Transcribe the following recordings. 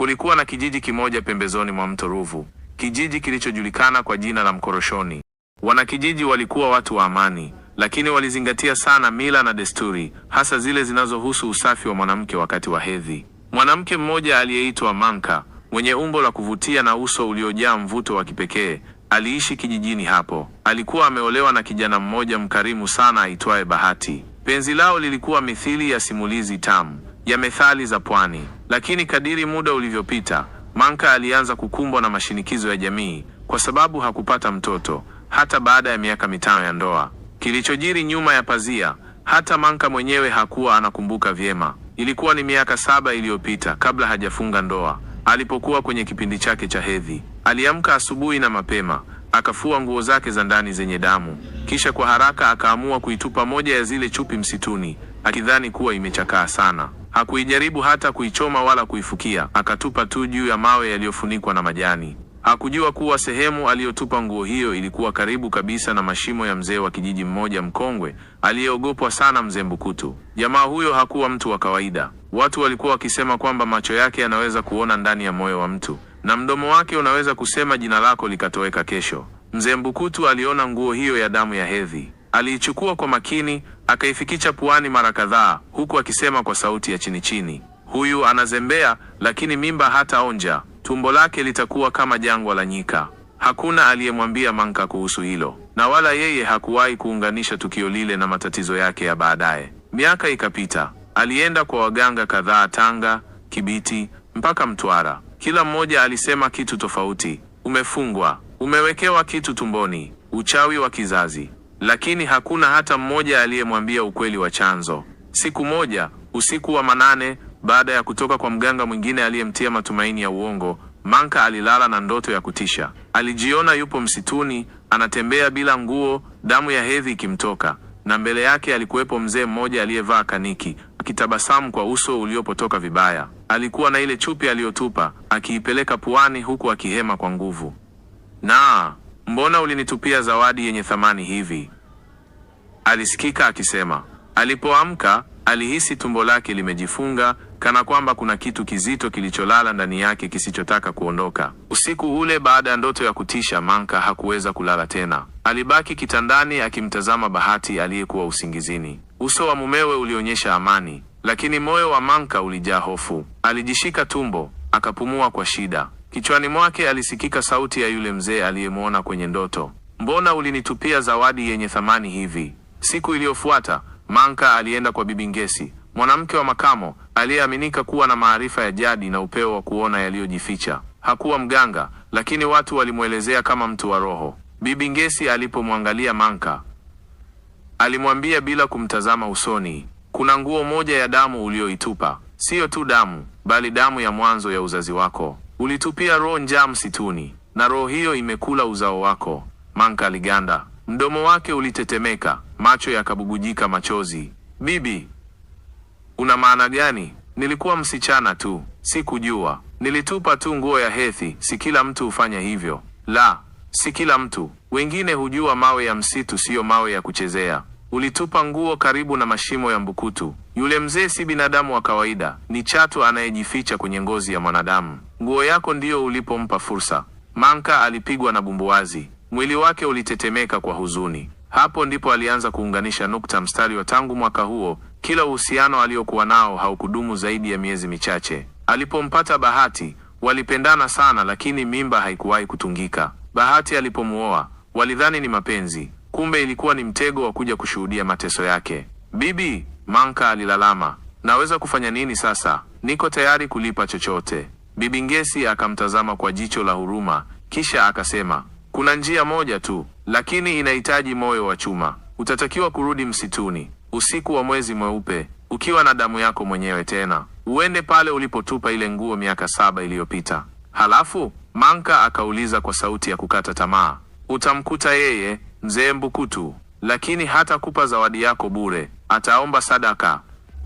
Kulikuwa na kijiji kimoja pembezoni mwa mto Ruvu, kijiji kilichojulikana kwa jina la Mkoroshoni. Wanakijiji walikuwa watu wa amani, lakini walizingatia sana mila na desturi, hasa zile zinazohusu usafi wa mwanamke wakati wa hedhi. Mwanamke mmoja aliyeitwa Manka, mwenye umbo la kuvutia na uso uliojaa mvuto wa kipekee, aliishi kijijini hapo. Alikuwa ameolewa na kijana mmoja mkarimu sana aitwaye Bahati. Penzi lao lilikuwa mithili ya simulizi tamu ya methali za pwani. Lakini kadiri muda ulivyopita, Manka alianza kukumbwa na mashinikizo ya jamii kwa sababu hakupata mtoto hata baada ya miaka mitano ya ndoa. Kilichojiri nyuma ya pazia, hata Manka mwenyewe hakuwa anakumbuka vyema. Ilikuwa ni miaka saba iliyopita kabla hajafunga ndoa, alipokuwa kwenye kipindi chake cha hedhi. Aliamka asubuhi na mapema, akafua nguo zake za ndani zenye damu, kisha kwa haraka akaamua kuitupa moja ya zile chupi msituni akidhani kuwa imechakaa sana. Hakuijaribu hata kuichoma wala kuifukia, akatupa tu juu ya mawe yaliyofunikwa na majani. Hakujua kuwa sehemu aliyotupa nguo hiyo ilikuwa karibu kabisa na mashimo ya mzee wa kijiji mmoja mkongwe aliyeogopwa sana, mzee Mbukutu. Jamaa huyo hakuwa mtu wa kawaida. Watu walikuwa wakisema kwamba macho yake yanaweza kuona ndani ya moyo wa mtu na mdomo wake unaweza kusema jina lako likatoweka kesho. Mzee Mbukutu aliona nguo hiyo ya damu ya hedhi. Aliichukua kwa makini, akaifikisha puani mara kadhaa, huku akisema kwa sauti ya chini chini, huyu anazembea, lakini mimba hataonja. Tumbo lake litakuwa kama jangwa la nyika. Hakuna aliyemwambia Manka kuhusu hilo, na wala yeye hakuwahi kuunganisha tukio lile na matatizo yake ya baadaye. Miaka ikapita, alienda kwa waganga kadhaa Tanga, Kibiti mpaka Mtwara. Kila mmoja alisema kitu tofauti: umefungwa, umewekewa kitu tumboni, uchawi wa kizazi lakini hakuna hata mmoja aliyemwambia ukweli wa chanzo. Siku moja usiku wa manane, baada ya kutoka kwa mganga mwingine aliyemtia matumaini ya uongo, Manka alilala na ndoto ya kutisha. Alijiona yupo msituni, anatembea bila nguo, damu ya hedhi ikimtoka, na mbele yake alikuwepo mzee mmoja aliyevaa kaniki akitabasamu kwa uso uliopotoka vibaya. Alikuwa na ile chupi aliyotupa, akiipeleka puani, huku akihema kwa nguvu na mbona ulinitupia zawadi yenye thamani hivi? Alisikika akisema. Alipoamka alihisi tumbo lake limejifunga, kana kwamba kuna kitu kizito kilicholala ndani yake kisichotaka kuondoka. Usiku ule, baada ya ndoto ya kutisha, Manka hakuweza kulala tena. Alibaki kitandani akimtazama Bahati aliyekuwa usingizini. Uso wa mumewe ulionyesha amani, lakini moyo wa Manka ulijaa hofu. Alijishika tumbo, akapumua kwa shida. Kichwani mwake alisikika sauti ya yule mzee aliyemwona kwenye ndoto, mbona ulinitupia zawadi yenye thamani hivi? Siku iliyofuata Manka alienda kwa Bibi Ngesi, mwanamke wa makamo aliyeaminika kuwa na maarifa ya jadi na upeo wa kuona yaliyojificha. Hakuwa mganga, lakini watu walimwelezea kama mtu wa roho. Bibi Ngesi alipomwangalia Manka alimwambia bila kumtazama usoni, kuna nguo moja ya damu uliyoitupa, siyo tu damu, bali damu ya mwanzo ya uzazi wako. Ulitupia roho njaa msituni, na roho hiyo imekula uzao wako. Manka aliganda, mdomo wake ulitetemeka, macho yakabugujika machozi. Bibi, una maana gani? Nilikuwa msichana tu, sikujua. Nilitupa tu nguo ya hethi, si kila mtu hufanya hivyo. La, si kila mtu. Wengine hujua mawe ya msitu siyo mawe ya kuchezea. Ulitupa nguo karibu na mashimo ya Mbukutu. Yule mzee si binadamu wa kawaida, ni chatu anayejificha kwenye ngozi ya mwanadamu. Nguo yako ndiyo ulipompa fursa. Manka alipigwa na bumbuazi, mwili wake ulitetemeka kwa huzuni. Hapo ndipo alianza kuunganisha nukta mstari wa tangu mwaka huo kila uhusiano aliokuwa nao haukudumu zaidi ya miezi michache. Alipompata Bahati walipendana sana, lakini mimba haikuwahi kutungika. Bahati alipomuoa walidhani ni mapenzi Kumbe ilikuwa ni mtego wa kuja kushuhudia mateso yake. Bibi Manka alilalama, naweza kufanya nini sasa? Niko tayari kulipa chochote. Bibi Ngesi akamtazama kwa jicho la huruma, kisha akasema, kuna njia moja tu, lakini inahitaji moyo wa chuma. Utatakiwa kurudi msituni usiku wa mwezi mweupe ukiwa na damu yako mwenyewe tena, uende pale ulipotupa ile nguo miaka saba iliyopita. Halafu Manka akauliza kwa sauti ya kukata tamaa, utamkuta yeye? mzee Mbukutu, lakini hatakupa zawadi yako bure, ataomba sadaka.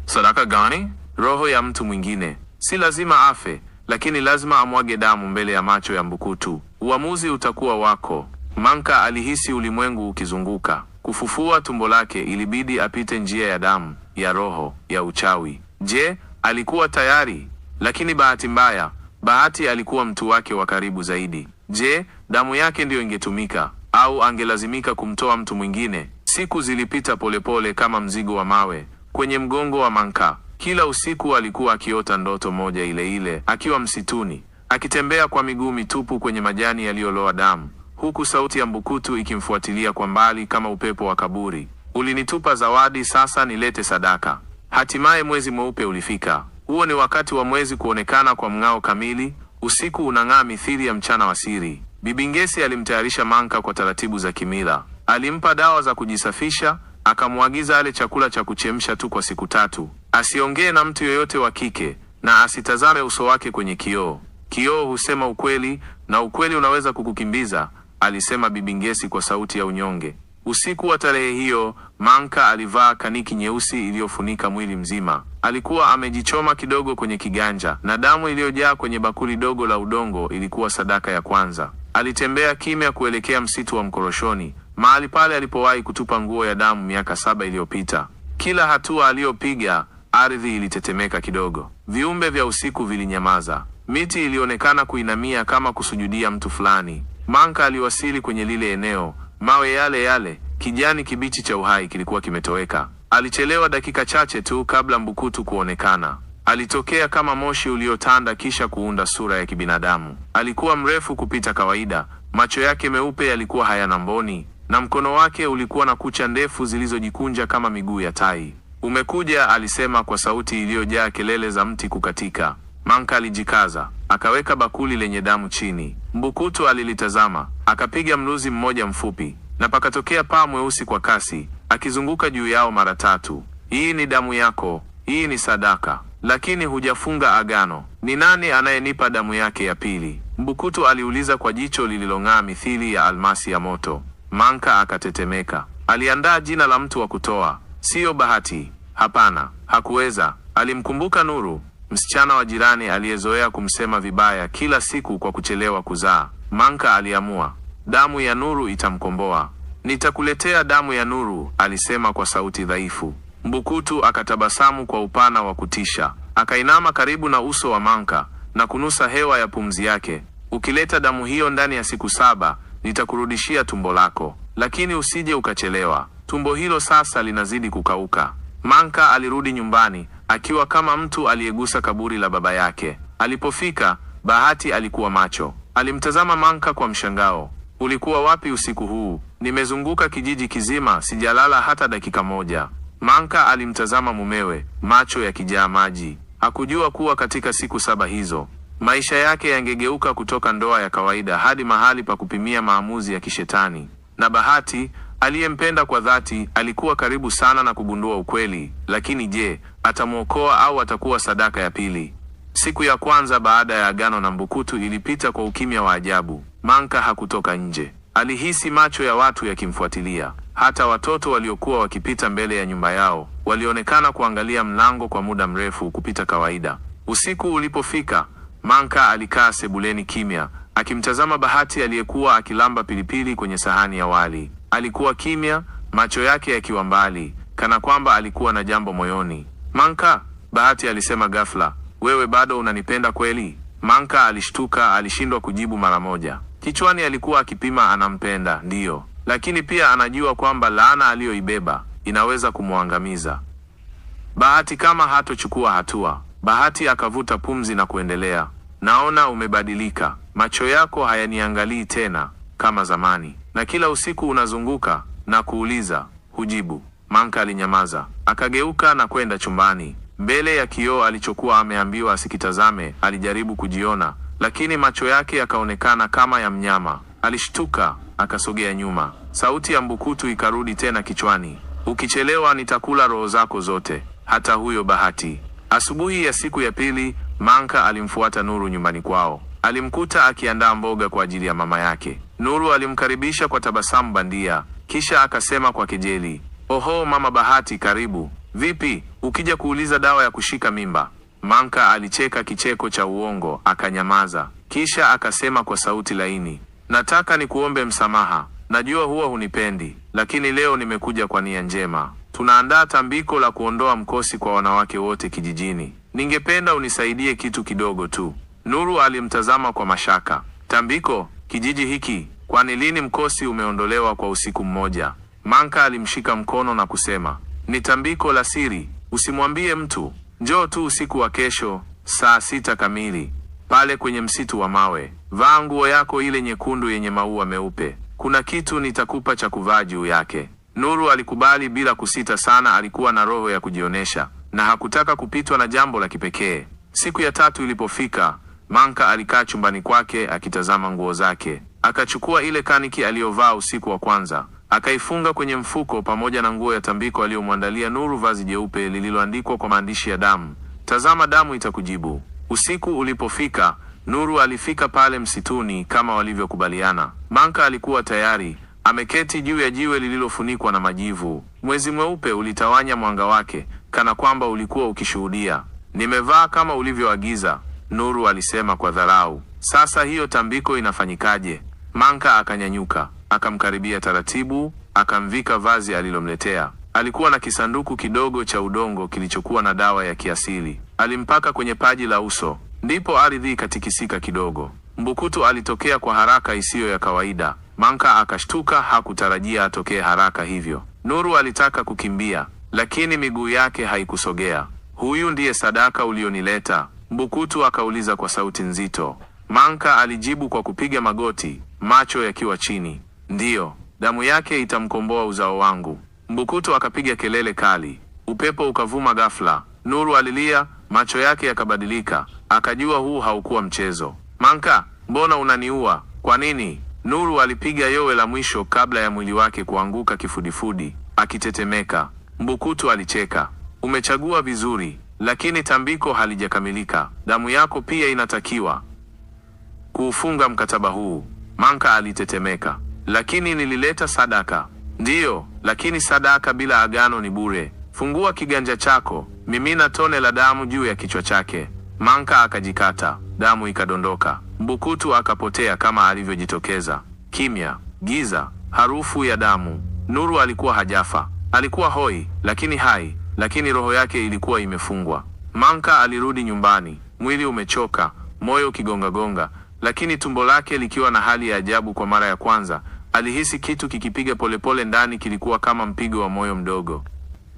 Sadaka gani? Roho ya mtu mwingine. Si lazima afe, lakini lazima amwage damu mbele ya macho ya Mbukutu. Uamuzi utakuwa wako. Manka alihisi ulimwengu ukizunguka. Kufufua tumbo lake ilibidi apite njia ya damu, ya roho, ya uchawi. Je, alikuwa tayari? Lakini bahati mbaya, Bahati alikuwa mtu wake wa karibu zaidi. Je, damu yake ndiyo ingetumika? au angelazimika kumtoa mtu mwingine. Siku zilipita polepole kama mzigo wa mawe kwenye mgongo wa Manka. Kila usiku alikuwa akiota ndoto moja ile ile, akiwa msituni akitembea kwa miguu mitupu kwenye majani yaliyoloa damu, huku sauti ya mbukutu ikimfuatilia kwa mbali kama upepo wa kaburi. Ulinitupa zawadi, sasa nilete sadaka. Hatimaye mwezi mweupe ulifika. Huo ni wakati wa mwezi kuonekana kwa mng'ao kamili. Usiku unang'aa mithili ya mchana wa siri. Bibi Ngesi alimtayarisha Manka kwa taratibu za kimila. Alimpa dawa za kujisafisha, akamwagiza ale chakula cha kuchemsha tu kwa siku tatu, asiongee na mtu yoyote wa kike na asitazame uso wake kwenye kioo. Kioo husema ukweli na ukweli unaweza kukukimbiza, alisema Bibi Ngesi kwa sauti ya unyonge. Usiku wa tarehe hiyo Manka alivaa kaniki nyeusi iliyofunika mwili mzima. Alikuwa amejichoma kidogo kwenye kiganja na damu iliyojaa kwenye bakuli dogo la udongo ilikuwa sadaka ya kwanza. Alitembea kimya kuelekea msitu wa Mkoroshoni, mahali pale alipowahi kutupa nguo ya damu miaka saba iliyopita. Kila hatua aliyopiga, ardhi ilitetemeka kidogo, viumbe vya usiku vilinyamaza, miti ilionekana kuinamia kama kusujudia mtu fulani. Manka aliwasili kwenye lile eneo, mawe yale yale, kijani kibichi cha uhai kilikuwa kimetoweka. Alichelewa dakika chache tu kabla Mbukutu kuonekana. Alitokea kama moshi uliotanda kisha kuunda sura ya kibinadamu. Alikuwa mrefu kupita kawaida, macho yake meupe yalikuwa hayana mboni, na mkono wake ulikuwa na kucha ndefu zilizojikunja kama miguu ya tai. Umekuja, alisema kwa sauti iliyojaa kelele za mti kukatika. Manka alijikaza, akaweka bakuli lenye damu chini. Mbukutu alilitazama, akapiga mluzi mmoja mfupi, na pakatokea paa mweusi kwa kasi, akizunguka juu yao mara tatu. Hii ni damu yako, hii ni sadaka lakini hujafunga agano. Ni nani anayenipa damu yake ya pili? Mbukutu aliuliza kwa jicho lililong'aa mithili ya almasi ya moto. Manka akatetemeka. Aliandaa jina la mtu wa kutoa. Siyo Bahati, hapana, hakuweza. Alimkumbuka Nuru, msichana wa jirani aliyezoea kumsema vibaya kila siku kwa kuchelewa kuzaa. Manka aliamua, damu ya Nuru itamkomboa. Nitakuletea damu ya Nuru, alisema kwa sauti dhaifu. Mbukutu akatabasamu kwa upana wa kutisha, akainama karibu na uso wa Manka na kunusa hewa ya pumzi yake. Ukileta damu hiyo ndani ya siku saba, nitakurudishia tumbo lako, lakini usije ukachelewa. Tumbo hilo sasa linazidi kukauka. Manka alirudi nyumbani akiwa kama mtu aliyegusa kaburi la baba yake. Alipofika, Bahati alikuwa macho. Alimtazama Manka kwa mshangao. Ulikuwa wapi usiku huu? Nimezunguka kijiji kizima, sijalala hata dakika moja. Manka alimtazama mumewe, macho yakijaa maji. Hakujua kuwa katika siku saba hizo maisha yake yangegeuka kutoka ndoa ya kawaida hadi mahali pa kupimia maamuzi ya kishetani. Na Bahati aliyempenda kwa dhati alikuwa karibu sana na kugundua ukweli, lakini je, atamwokoa au atakuwa sadaka ya pili? Siku ya kwanza baada ya agano na Mbukutu ilipita kwa ukimya wa ajabu. Manka hakutoka nje. Alihisi macho ya watu yakimfuatilia. Hata watoto waliokuwa wakipita mbele ya nyumba yao walionekana kuangalia mlango kwa muda mrefu kupita kawaida. Usiku ulipofika, Manka alikaa sebuleni kimya, akimtazama Bahati aliyekuwa akilamba pilipili kwenye sahani ya wali. Alikuwa kimya, macho yake yakiwa mbali, kana kwamba alikuwa na jambo moyoni. Manka, Bahati alisema ghafla, wewe bado unanipenda kweli? Manka alishtuka, alishindwa kujibu mara moja. Kichwani alikuwa akipima, anampenda ndiyo lakini pia anajua kwamba laana aliyoibeba inaweza kumwangamiza. Bahati kama hatochukua hatua. Bahati akavuta pumzi na kuendelea. Naona umebadilika, macho yako hayaniangalii tena kama zamani, na kila usiku unazunguka na kuuliza, hujibu. Manka alinyamaza, akageuka na kwenda chumbani mbele ya kioo alichokuwa ameambiwa asikitazame. Alijaribu kujiona, lakini macho yake yakaonekana kama ya mnyama. Alishtuka akasogea nyuma, sauti ya mbukutu ikarudi tena kichwani, ukichelewa nitakula roho zako zote, hata huyo Bahati. Asubuhi ya siku ya pili, Manka alimfuata Nuru nyumbani kwao. Alimkuta akiandaa mboga kwa ajili ya mama yake. Nuru alimkaribisha kwa tabasamu bandia, kisha akasema kwa kejeli, oho, mama Bahati, karibu. Vipi, ukija kuuliza dawa ya kushika mimba? Manka alicheka kicheko cha uongo akanyamaza, kisha akasema kwa sauti laini Nataka nikuombe msamaha. Najua huwa hunipendi, lakini leo nimekuja kwa nia njema. Tunaandaa tambiko la kuondoa mkosi kwa wanawake wote kijijini. Ningependa unisaidie kitu kidogo tu. Nuru alimtazama kwa mashaka. Tambiko? Kijiji hiki? Kwani lini mkosi umeondolewa kwa usiku mmoja? Manka alimshika mkono na kusema, ni tambiko la siri, usimwambie mtu. Njoo tu usiku wa kesho saa sita kamili pale kwenye msitu wa mawe. Vaa nguo yako ile nyekundu yenye maua meupe, kuna kitu nitakupa cha kuvaa juu yake. Nuru alikubali bila kusita sana. Alikuwa na roho ya kujionyesha na hakutaka kupitwa na jambo la kipekee. Siku ya tatu ilipofika, Manka alikaa chumbani kwake akitazama nguo zake. Akachukua ile kaniki aliyovaa usiku wa kwanza, akaifunga kwenye mfuko pamoja na nguo ya tambiko aliyomwandalia Nuru, vazi jeupe lililoandikwa kwa maandishi ya damu. Tazama, damu itakujibu. Usiku ulipofika Nuru alifika pale msituni kama walivyokubaliana. Manka alikuwa tayari ameketi juu ya jiwe lililofunikwa na majivu. Mwezi mweupe ulitawanya mwanga wake kana kwamba ulikuwa ukishuhudia. Nimevaa kama ulivyoagiza, Nuru alisema kwa dharau. Sasa hiyo tambiko inafanyikaje? Manka akanyanyuka, akamkaribia taratibu, akamvika vazi alilomletea. Alikuwa na kisanduku kidogo cha udongo kilichokuwa na dawa ya kiasili. Alimpaka kwenye paji la uso, Ndipo ardhi ikatikisika kidogo. Mbukutu alitokea kwa haraka isiyo ya kawaida. Manka akashtuka, hakutarajia atokee haraka hivyo. Nuru alitaka kukimbia, lakini miguu yake haikusogea. Huyu ndiye sadaka ulionileta? Mbukutu akauliza kwa sauti nzito. Manka alijibu kwa kupiga magoti, macho yakiwa chini. Ndiyo, damu yake itamkomboa uzao wangu. Mbukutu akapiga kelele kali, upepo ukavuma ghafla. Nuru alilia, macho yake yakabadilika, akajua huu haukuwa mchezo. Manka, mbona unaniua? Kwa nini? Nuru alipiga yowe la mwisho kabla ya mwili wake kuanguka kifudifudi akitetemeka. Mbukutu alicheka. Umechagua vizuri, lakini tambiko halijakamilika. Damu yako pia inatakiwa kuufunga mkataba huu. Manka alitetemeka. Lakini nilileta sadaka. Ndiyo, lakini sadaka bila agano ni bure. Fungua kiganja chako, mimina tone la damu juu ya kichwa chake. Manka akajikata, damu ikadondoka. Mbukutu akapotea kama alivyojitokeza. Kimya, giza, harufu ya damu. Nuru alikuwa hajafa, alikuwa hoi lakini hai, lakini roho yake ilikuwa imefungwa. Manka alirudi nyumbani, mwili umechoka, moyo ukigongagonga, lakini tumbo lake likiwa na hali ya ajabu. Kwa mara ya kwanza alihisi kitu kikipiga polepole ndani, kilikuwa kama mpigo wa moyo mdogo.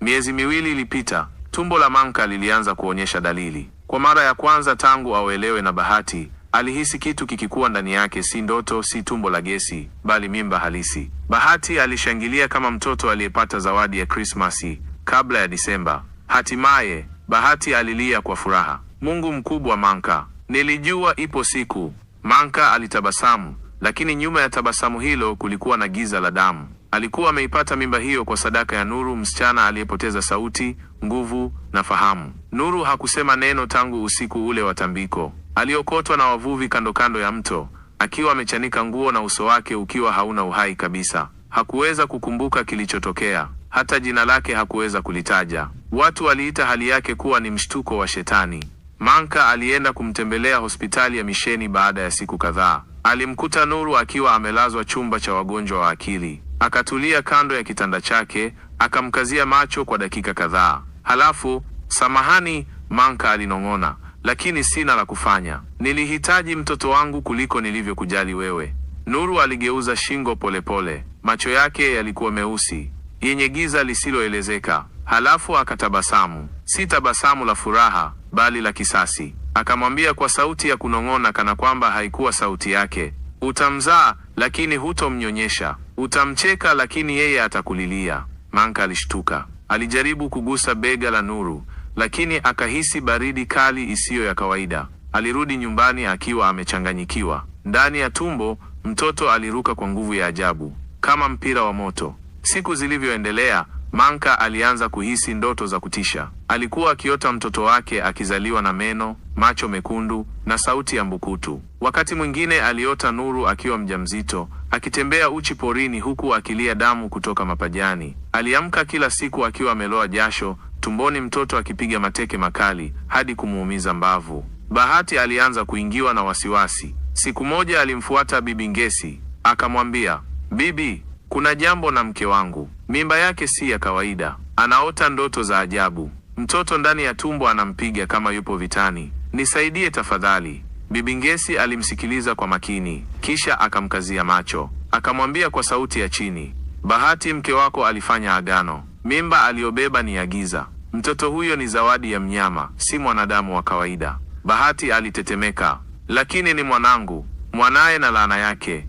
Miezi miwili ilipita, tumbo la Manka lilianza kuonyesha dalili. Kwa mara ya kwanza tangu auelewe na Bahati, alihisi kitu kikikuwa ndani yake, si ndoto, si tumbo la gesi, bali mimba halisi. Bahati alishangilia kama mtoto aliyepata zawadi ya Krismasi kabla ya Disemba. Hatimaye Bahati alilia kwa furaha, Mungu mkubwa, Manka, nilijua ipo siku. Manka alitabasamu, lakini nyuma ya tabasamu hilo kulikuwa na giza la damu. Alikuwa ameipata mimba hiyo kwa sadaka ya Nuru, msichana aliyepoteza sauti, nguvu na fahamu. Nuru hakusema neno tangu usiku ule wa tambiko. Aliokotwa na wavuvi kando kando ya mto, akiwa amechanika nguo na uso wake ukiwa hauna uhai kabisa. Hakuweza kukumbuka kilichotokea, hata jina lake hakuweza kulitaja. Watu waliita hali yake kuwa ni mshtuko wa Shetani. Manka alienda kumtembelea hospitali ya misheni. Baada ya siku kadhaa, alimkuta Nuru akiwa amelazwa chumba cha wagonjwa wa akili. Akatulia kando ya kitanda chake, akamkazia macho kwa dakika kadhaa. Halafu, samahani, Manka alinong'ona, lakini sina la kufanya. Nilihitaji mtoto wangu kuliko nilivyokujali wewe. Nuru aligeuza shingo polepole pole. Macho yake yalikuwa meusi yenye giza lisiloelezeka. Halafu akatabasamu, si tabasamu la furaha, bali la kisasi. Akamwambia kwa sauti ya kunong'ona, kana kwamba haikuwa sauti yake. Utamzaa lakini hutomnyonyesha. Utamcheka lakini yeye atakulilia. Manka alishtuka. Alijaribu kugusa bega la Nuru, lakini akahisi baridi kali isiyo ya kawaida. Alirudi nyumbani akiwa amechanganyikiwa. Ndani ya tumbo, mtoto aliruka kwa nguvu ya ajabu kama mpira wa moto. Siku zilivyoendelea, Manka alianza kuhisi ndoto za kutisha. Alikuwa akiota mtoto wake akizaliwa na meno, macho mekundu na sauti ya mbukutu. Wakati mwingine aliota nuru akiwa mjamzito, akitembea uchi porini huku akilia damu kutoka mapajani. Aliamka kila siku akiwa ameloa jasho, tumboni mtoto akipiga mateke makali hadi kumuumiza mbavu. Bahati alianza kuingiwa na wasiwasi. Siku moja alimfuata Bibi Ngesi, akamwambia, "Bibi, kuna jambo na mke wangu. Mimba yake si ya kawaida. Anaota ndoto za ajabu. Mtoto ndani ya tumbo anampiga kama yupo vitani. Nisaidie tafadhali." Bibi Ngesi alimsikiliza kwa makini, kisha akamkazia macho, akamwambia kwa sauti ya chini, Bahati, mke wako alifanya agano. Mimba aliyobeba ni ya giza. Mtoto huyo ni zawadi ya mnyama, si mwanadamu wa kawaida. Bahati alitetemeka. Lakini ni mwanangu, mwanaye na laana yake,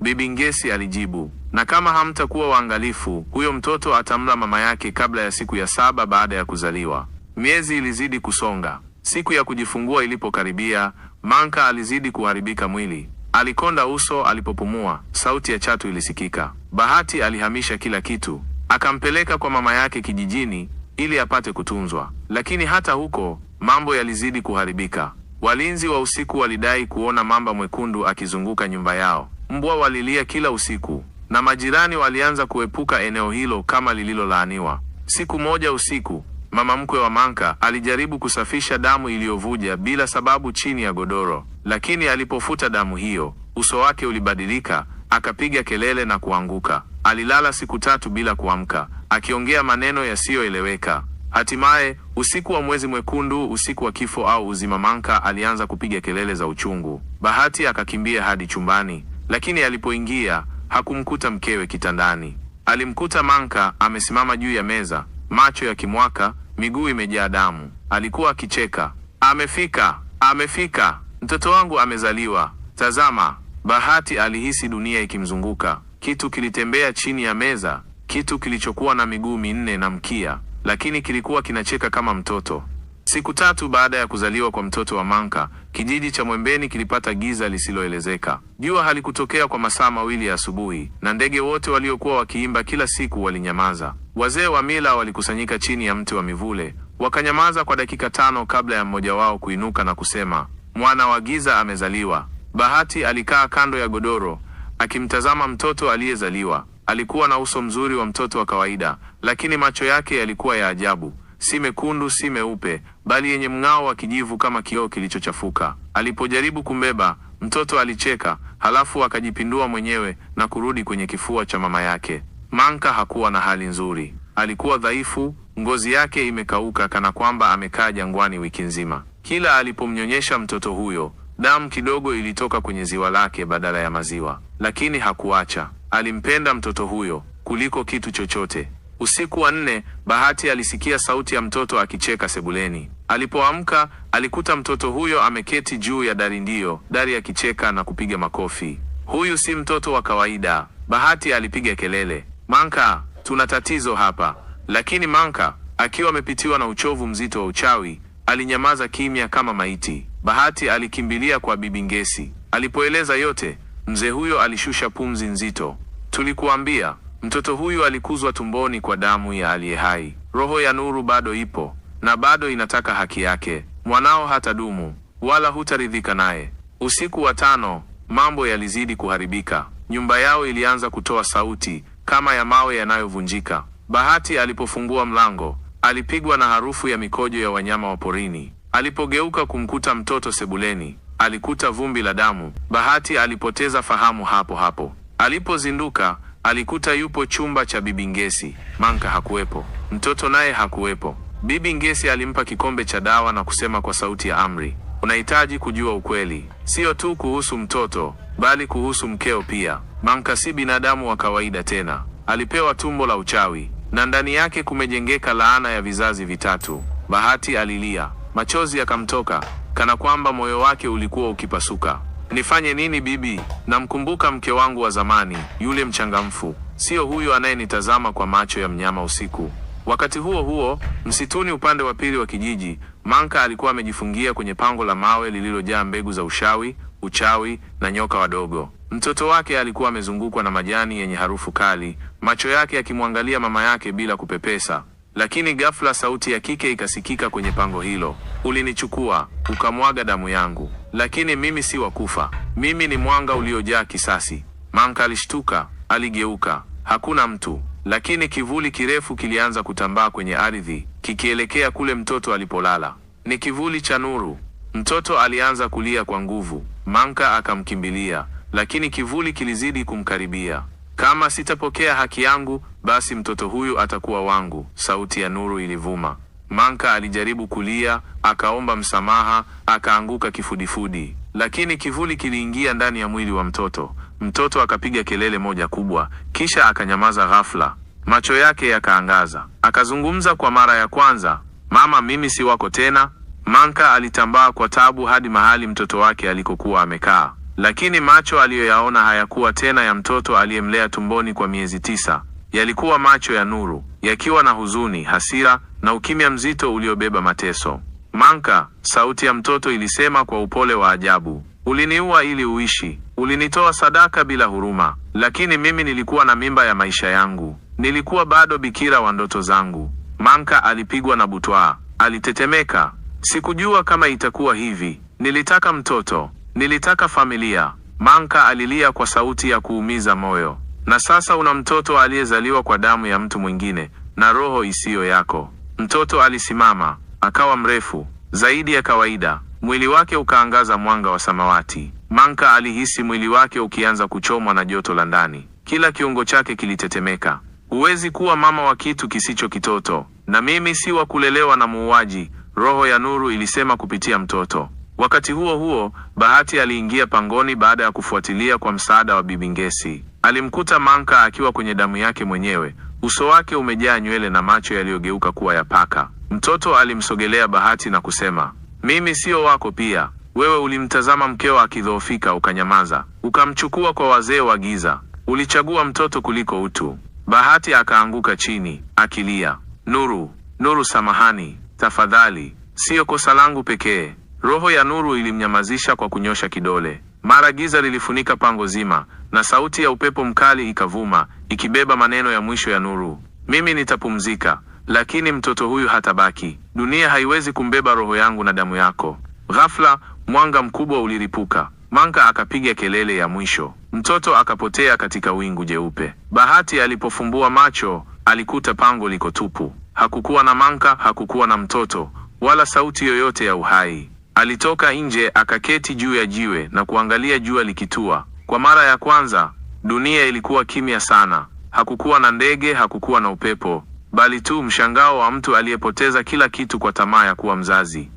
Bibi Ngesi alijibu, na kama hamtakuwa waangalifu, huyo mtoto atamla mama yake kabla ya siku ya saba baada ya kuzaliwa. Miezi ilizidi kusonga. Siku ya kujifungua ilipokaribia, Manka alizidi kuharibika mwili. Alikonda uso alipopumua, sauti ya chatu ilisikika. Bahati alihamisha kila kitu, akampeleka kwa mama yake kijijini ili apate kutunzwa. Lakini hata huko mambo yalizidi kuharibika. Walinzi wa usiku walidai kuona mamba mwekundu akizunguka nyumba yao. Mbwa walilia kila usiku, na majirani walianza kuepuka eneo hilo kama lililolaaniwa. Siku moja usiku Mama mkwe wa Manka alijaribu kusafisha damu iliyovuja bila sababu chini ya godoro, lakini alipofuta damu hiyo, uso wake ulibadilika, akapiga kelele na kuanguka. Alilala siku tatu bila kuamka, akiongea maneno yasiyoeleweka. Hatimaye, usiku wa mwezi mwekundu, usiku wa kifo au uzima, Manka alianza kupiga kelele za uchungu. Bahati akakimbia hadi chumbani, lakini alipoingia hakumkuta mkewe kitandani. Alimkuta Manka amesimama juu ya meza, macho yakimwaka, miguu imejaa damu. Alikuwa akicheka, amefika, amefika, mtoto wangu amezaliwa, tazama. Bahati alihisi dunia ikimzunguka. Kitu kilitembea chini ya meza, kitu kilichokuwa na miguu minne na mkia, lakini kilikuwa kinacheka kama mtoto. Siku tatu baada ya kuzaliwa kwa mtoto wa Manka, kijiji cha Mwembeni kilipata giza lisiloelezeka. Jua halikutokea kwa masaa mawili ya asubuhi, na ndege wote waliokuwa wakiimba kila siku walinyamaza. Wazee wa mila walikusanyika chini ya mti wa mivule, wakanyamaza kwa dakika tano kabla ya mmoja wao kuinuka na kusema, mwana wa giza amezaliwa. Bahati alikaa kando ya godoro akimtazama mtoto aliyezaliwa. Alikuwa na uso mzuri wa mtoto wa kawaida, lakini macho yake yalikuwa ya ajabu, si mekundu, si meupe bali yenye mng'ao wa kijivu kama kioo kilichochafuka. Alipojaribu kumbeba, mtoto alicheka, halafu akajipindua mwenyewe na kurudi kwenye kifua cha mama yake. Manka hakuwa na hali nzuri. Alikuwa dhaifu, ngozi yake imekauka kana kwamba amekaa jangwani wiki nzima. Kila alipomnyonyesha mtoto huyo, damu kidogo ilitoka kwenye ziwa lake badala ya maziwa, lakini hakuacha. Alimpenda mtoto huyo kuliko kitu chochote. Usiku wa nne, Bahati alisikia sauti ya mtoto akicheka sebuleni. Alipoamka alikuta mtoto huyo ameketi juu ya dari, ndiyo dari, akicheka na kupiga makofi. Huyu si mtoto wa kawaida, Bahati alipiga kelele. Manka, tuna tatizo hapa. Lakini Manka akiwa amepitiwa na uchovu mzito wa uchawi alinyamaza kimya kama maiti. Bahati alikimbilia kwa Bibi Ngesi. Alipoeleza yote, mzee huyo alishusha pumzi nzito. Tulikuambia Mtoto huyu alikuzwa tumboni kwa damu ya aliye hai. Roho ya nuru bado ipo na bado inataka haki yake. Mwanao hatadumu wala hutaridhika naye. Usiku wa tano, mambo yalizidi kuharibika. Nyumba yao ilianza kutoa sauti kama ya mawe yanayovunjika. Bahati alipofungua mlango, alipigwa na harufu ya mikojo ya wanyama wa porini. Alipogeuka kumkuta mtoto sebuleni, alikuta vumbi la damu. Bahati alipoteza fahamu hapo hapo. Alipozinduka Alikuta yupo chumba cha Bibi Ngesi, Manka hakuwepo, mtoto naye hakuwepo. Bibi Ngesi alimpa kikombe cha dawa na kusema kwa sauti ya amri, unahitaji kujua ukweli, sio tu kuhusu mtoto, bali kuhusu mkeo pia. Manka si binadamu wa kawaida tena, alipewa tumbo la uchawi na ndani yake kumejengeka laana ya vizazi vitatu. Bahati alilia, machozi yakamtoka kana kwamba moyo wake ulikuwa ukipasuka. Nifanye nini bibi? Namkumbuka mke wangu wa zamani, yule mchangamfu, siyo huyo anayenitazama kwa macho ya mnyama usiku. Wakati huo huo, msituni upande wa pili wa kijiji, Manka alikuwa amejifungia kwenye pango la mawe lililojaa mbegu za ushawi, uchawi na nyoka wadogo. Mtoto wake alikuwa amezungukwa na majani yenye harufu kali, macho yake yakimwangalia mama yake bila kupepesa. Lakini ghafla sauti ya kike ikasikika kwenye pango hilo, ulinichukua ukamwaga damu yangu, lakini mimi si wa kufa, mimi ni mwanga uliojaa kisasi. Manka alishtuka, aligeuka, hakuna mtu, lakini kivuli kirefu kilianza kutambaa kwenye ardhi kikielekea kule mtoto alipolala. Ni kivuli cha nuru. Mtoto alianza kulia kwa nguvu, Manka akamkimbilia, lakini kivuli kilizidi kumkaribia. Kama sitapokea haki yangu, basi mtoto huyu atakuwa wangu. Sauti ya Nuru ilivuma. Manka alijaribu kulia, akaomba msamaha, akaanguka kifudifudi, lakini kivuli kiliingia ndani ya mwili wa mtoto. Mtoto akapiga kelele moja kubwa, kisha akanyamaza ghafla. Macho yake yakaangaza, akazungumza kwa mara ya kwanza, mama, mimi si wako tena. Manka alitambaa kwa tabu hadi mahali mtoto wake alikokuwa amekaa, lakini macho aliyoyaona hayakuwa tena ya mtoto aliyemlea tumboni kwa miezi tisa. Yalikuwa macho ya nuru, yakiwa na huzuni, hasira na ukimya mzito uliobeba mateso. Manka, sauti ya mtoto ilisema kwa upole wa ajabu, uliniua ili uishi, ulinitoa sadaka bila huruma, lakini mimi nilikuwa na mimba ya maisha yangu, nilikuwa bado bikira wa ndoto zangu. Manka alipigwa na butwaa, alitetemeka. Sikujua kama itakuwa hivi, nilitaka mtoto, nilitaka familia. Manka alilia kwa sauti ya kuumiza moyo na sasa una mtoto aliyezaliwa kwa damu ya mtu mwingine na roho isiyo yako. Mtoto alisimama akawa mrefu zaidi ya kawaida, mwili wake ukaangaza mwanga wa samawati. Manka alihisi mwili wake ukianza kuchomwa na joto la ndani, kila kiungo chake kilitetemeka. Huwezi kuwa mama wa kitu kisicho kitoto, na mimi si wa kulelewa na muuaji, roho ya nuru ilisema kupitia mtoto. Wakati huo huo, Bahati aliingia pangoni baada ya kufuatilia kwa msaada wa Bibi Ngesi. Alimkuta Manka akiwa kwenye damu yake mwenyewe, uso wake umejaa nywele na macho yaliyogeuka kuwa ya paka. Mtoto alimsogelea Bahati na kusema, mimi sio wako pia. Wewe ulimtazama mkeo akidhoofika, ukanyamaza, ukamchukua kwa wazee wa giza. Ulichagua mtoto kuliko utu. Bahati akaanguka chini akilia, Nuru, Nuru, samahani tafadhali, siyo kosa langu pekee. Roho ya Nuru ilimnyamazisha kwa kunyosha kidole. Mara giza lilifunika pango zima, na sauti ya upepo mkali ikavuma, ikibeba maneno ya mwisho ya Nuru: mimi nitapumzika, lakini mtoto huyu hatabaki. Dunia haiwezi kumbeba roho yangu na damu yako. Ghafla mwanga mkubwa uliripuka, Manka akapiga kelele ya mwisho, mtoto akapotea katika wingu jeupe. Bahati alipofumbua macho, alikuta pango liko tupu. Hakukuwa na Manka, hakukuwa na mtoto, wala sauti yoyote ya uhai. Alitoka nje akaketi juu ya jiwe na kuangalia jua likitua. Kwa mara ya kwanza, dunia ilikuwa kimya sana. Hakukuwa na ndege, hakukuwa na upepo, bali tu mshangao wa mtu aliyepoteza kila kitu kwa tamaa ya kuwa mzazi.